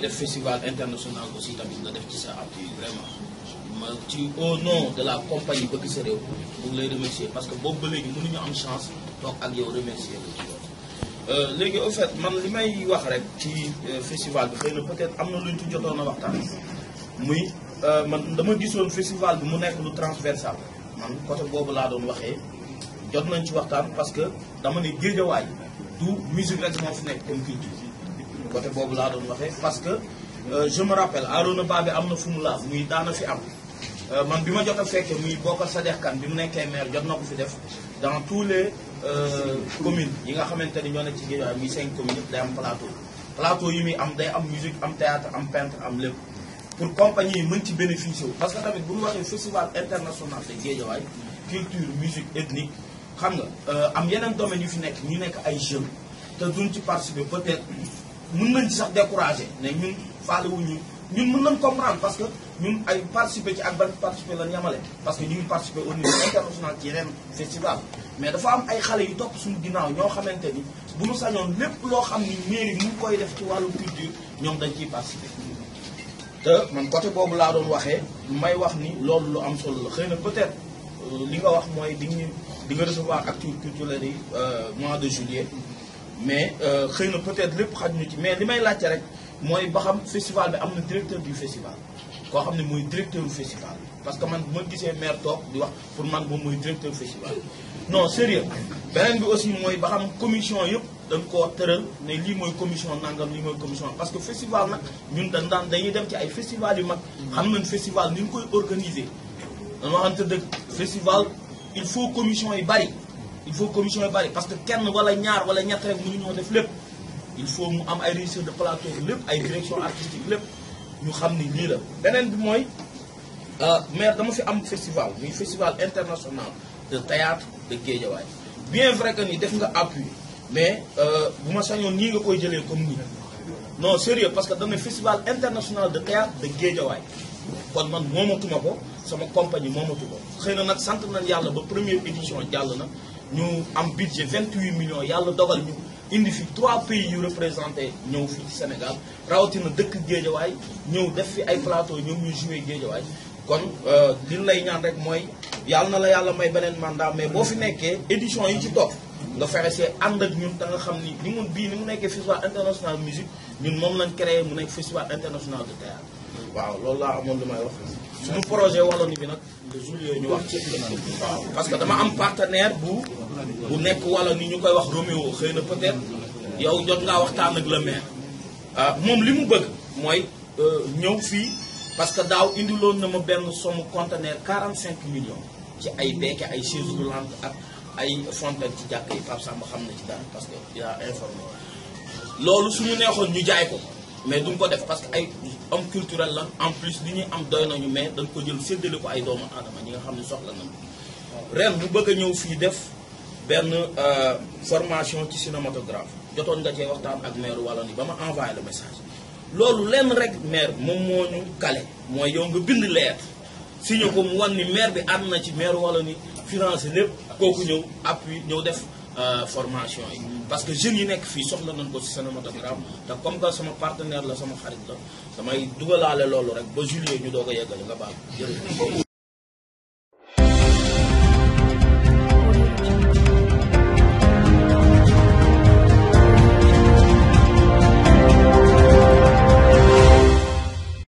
def festival international aussi tamit nga def ci sa appui vraiment ma ci au nom de la compagnie bëgg sa réew mu ngi lay remercier parce que boobu ba léegi mënuñu am chance toog ak yow remercier la ci yow. Euh, léegi au fait man li may wax rek ci euh, festival bi na peut-être am na luñ ci jotoon a waxtaan muy euh, man dama gisoon festival bi mu nekk lu transversal man côté boobu laa doon waxee jot nañ ci waxtaan parce que dama ne géejawaay du musique rek moo fi nekk comme culture. côté bobu la doon waxee parce que euh, je me rappelle Arouna Babé amna na fu mu laaf muy daana fi am euh, man bima ma jot muy Bokar Sadikh Kane bi mu nekkee maire jot na fi def dans tous les euh, communes yi nga xamanteni ñoo ne ci Guédiawaye muy 5 communes day am plateau plateau yi muy am day am musique am théâtre am peintre am lépp pour compagnie yi mën ci bénéficier parce que tamit bu ñu waxee festival international de Guédiawaye culture musique ethnique xam nga euh, am yeneen domaine yu fi nekk ñu nekk ay jeunes te duñ ci participer peut-être mën nañ ci sax découragé ne ñun faale wu ñu ñun mun nañ comprendre parce que ñun ay participer ci ak ban participer la ñu parce que ñu ngi participer au niveau international ci yeneen festival mais dafa am ay xale yu topp suñu ginnaaw ñoo xamante ni bu ñu sañoon lépp loo xam ni mairie mu koy def ci wàllu culture ñoom dañ ci participer te man côté boobu laa doon waxee may wax ni loolu lu am solo la xëy na peut-être euh, li nga wax mooy di nga di nga recevoir acteurs culturels yi euh, mois de juillet mais euh, xëy na peut-être lépp xajuñu ci mais li may laajte rek mooy ba xam festival bi am na directeur du festival koo xam ne mooy directeur du festival parce que man bu ma gisee maire toog di wax pour man moom mooy directeur festival non sérieux beneen bi aussi mooy ba commission yëpp dañ koo tëral ne lii mooy commission nangam lii mooy commission parce que festival na ñun dañ daan dañuy dem ci ay festival yu mag xam nañ festival ni ñu koy organiser dañoo xam te dëgg festival il faut commission yi bari il faut commission yu bari parce que kenn wala ñaar wala ñett rek ñoo def lepp il faut mu am ay régisseur de plateau lepp ay direction artistique lepp ñu xam ni lii la. beneen bi mooy euh, maire dama fi am festival muy festival international de théâtre de Guédiawaye bien vrai que ni def nga appui mais euh, bu ma sañoon nii nga koy jëlee comme nii non sérieux parce que dama festival international de théâtre de Guédiawaye kon man moomatuma ko sama compagnie moomatu ko xëy na nag sant nañ yàlla ba première édition jàll na. ñu am budget 28 millions yàlla dogal ñu indi fi trois pays yu représenté ñëw fii Sénégal rawatina dëkk Géejawaay ñëw def fi ay plateau ñoom ñu joué Géejawaay kon euh, li lay ñaan rek mooy yàlla na la yàlla may beneen mandat mais boo fi nekkee édition yi ci topp nga fexe see ànd ak ñun te nga xam ni ni mun bii ni mu nekkee festival international musique ñun moom lañ créé mu nekk festival international de théâtre waaw loolu laa amoon lu may wax suñu projet Wallonie bi nag le jour yooyu ñu wax ci waaw parce que dama am partenaire bu bu nekk Wallonie ñu koy wax Roméo xëy na peut yow jot ngaa waxtaan ak le maire euh, moom li mu bëgg mooy euh, ñëw fii parce que daaw indiloon na ma benn somme conteneur cinq millions ci ay beeke ay chaise roulante ak ay fontaine ci jàkk yi Pape Samba xam na ci dara parce que yaa informé loolu suñu neexoon ñu jaay ko mais duñ ko def parce que ay homme culturel la en plus li ñuy am doy nañu mais dañ ko jël séddale ko ay doomu aadama ñi nga xam ne soxla nañu ren mu bëgg a ñëw fii def benn euh, formation ci cinématographe jotoon nga cee waxtaan ak maire wala nii ba ma envoyé le message loolu lenn rek maire moom moo ñu kale mooy yow nga bind lettre signé ko mu wan ni maire bi ànd na ci maire wala ni financé lépp kooku ñëw appui ñëw def Euh, formation yi parce que jeunes yi nekk fii soxla nañ ko ci cinématographe te comme que sama partenaire la sama xarit la damay dugalaale loolu rek ba juillet ñu doog a yeggale nga baal jërëjëf